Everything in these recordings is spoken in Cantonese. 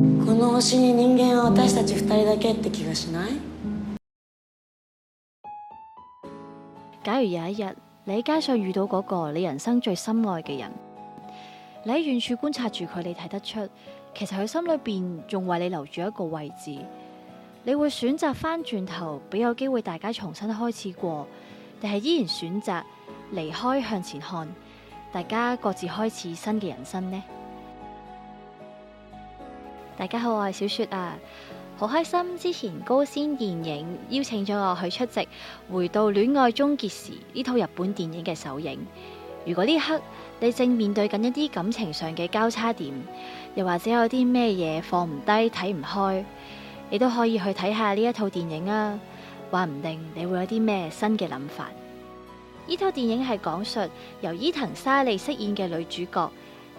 假如有一日你喺街上遇到嗰個你人生最深愛嘅人，你喺遠處觀察住佢，你睇得出其實佢心裏邊仲為你留住一個位置。你會選擇翻轉頭俾有機會大家重新開始過，定係依然選擇離開向前看，大家各自開始新嘅人生呢？大家好，我係小雪啊，好開心之前高先電影邀請咗我去出席《回到戀愛終結時》呢套日本電影嘅首映。如果呢刻你正面對緊一啲感情上嘅交叉點，又或者有啲咩嘢放唔低、睇唔開，你都可以去睇下呢一套電影啊，話唔定你會有啲咩新嘅諗法。呢套電影係講述由伊藤沙莉飾演嘅女主角。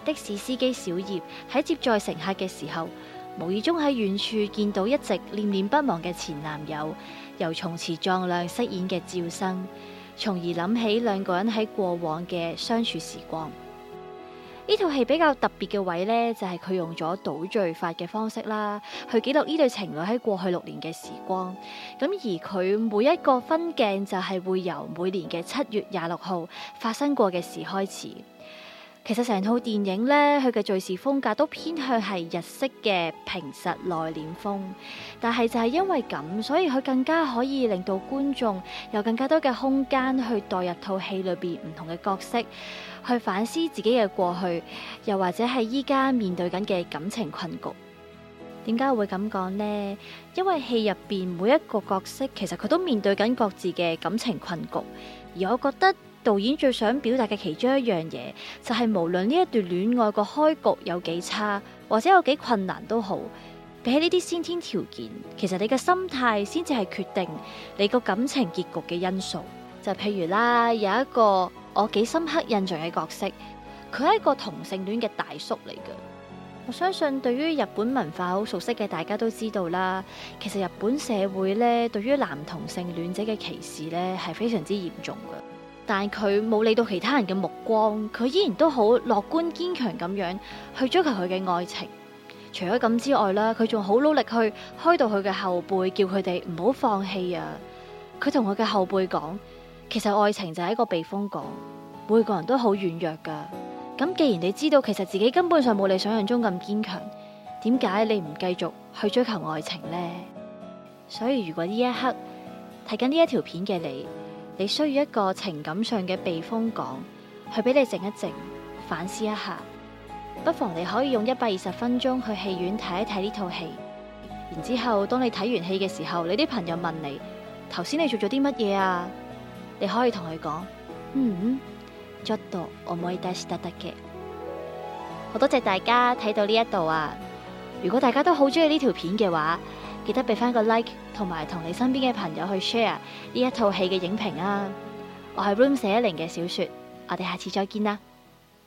的士司機小葉喺接載乘客嘅時候，無意中喺遠處見到一直念念不忘嘅前男友，由從池壯亮飾演嘅趙生，從而諗起兩個人喺過往嘅相處時光。呢套戲比較特別嘅位呢，就係佢用咗倒敘法嘅方式啦，去記錄呢對情侶喺過去六年嘅時光。咁而佢每一個分鏡就係會由每年嘅七月廿六號發生過嘅事開始。其實成套電影呢，佢嘅敘事風格都偏向係日式嘅平實內斂風，但係就係因為咁，所以佢更加可以令到觀眾有更加多嘅空間去代入套戲裏邊唔同嘅角色，去反思自己嘅過去，又或者係依家面對緊嘅感情困局。點解會咁講呢？因為戲入邊每一個角色，其實佢都面對緊各自嘅感情困局，而我覺得。導演最想表達嘅其中一樣嘢，就係無論呢一段戀愛個開局有幾差，或者有幾困難都好，比起呢啲先天條件，其實你嘅心態先至係決定你個感情結局嘅因素。就譬如啦，有一個我幾深刻印象嘅角色，佢係一個同性戀嘅大叔嚟嘅。我相信對於日本文化好熟悉嘅大家都知道啦，其實日本社會咧對於男同性戀者嘅歧視咧係非常之嚴重嘅。但佢冇理到其他人嘅目光，佢依然都好樂觀堅強咁樣去追求佢嘅愛情。除咗咁之外啦，佢仲好努力去開導佢嘅後輩，叫佢哋唔好放棄啊！佢同佢嘅後輩講，其實愛情就係一個避風港，每個人都好軟弱噶。咁既然你知道其實自己根本上冇你想象中咁堅強，點解你唔繼續去追求愛情咧？所以如果呢一刻睇緊呢一條片嘅你，你需要一個情感上嘅避風港，去俾你靜一靜、反思一下。不妨你可以用一百二十分鐘去戲院睇一睇呢套戲，然之後當你睇完戲嘅時候，你啲朋友問你頭先你做咗啲乜嘢啊？你可以同佢講：嗯，嗯，ちょっと思い出しただけ。好多謝大家睇到呢一度啊！如果大家都好中意呢條片嘅話，記得俾翻個 like，同埋同你身邊嘅朋友去 share 呢一套戲嘅影評啊！我係 Room 四一零嘅小雪，我哋下次再見啦～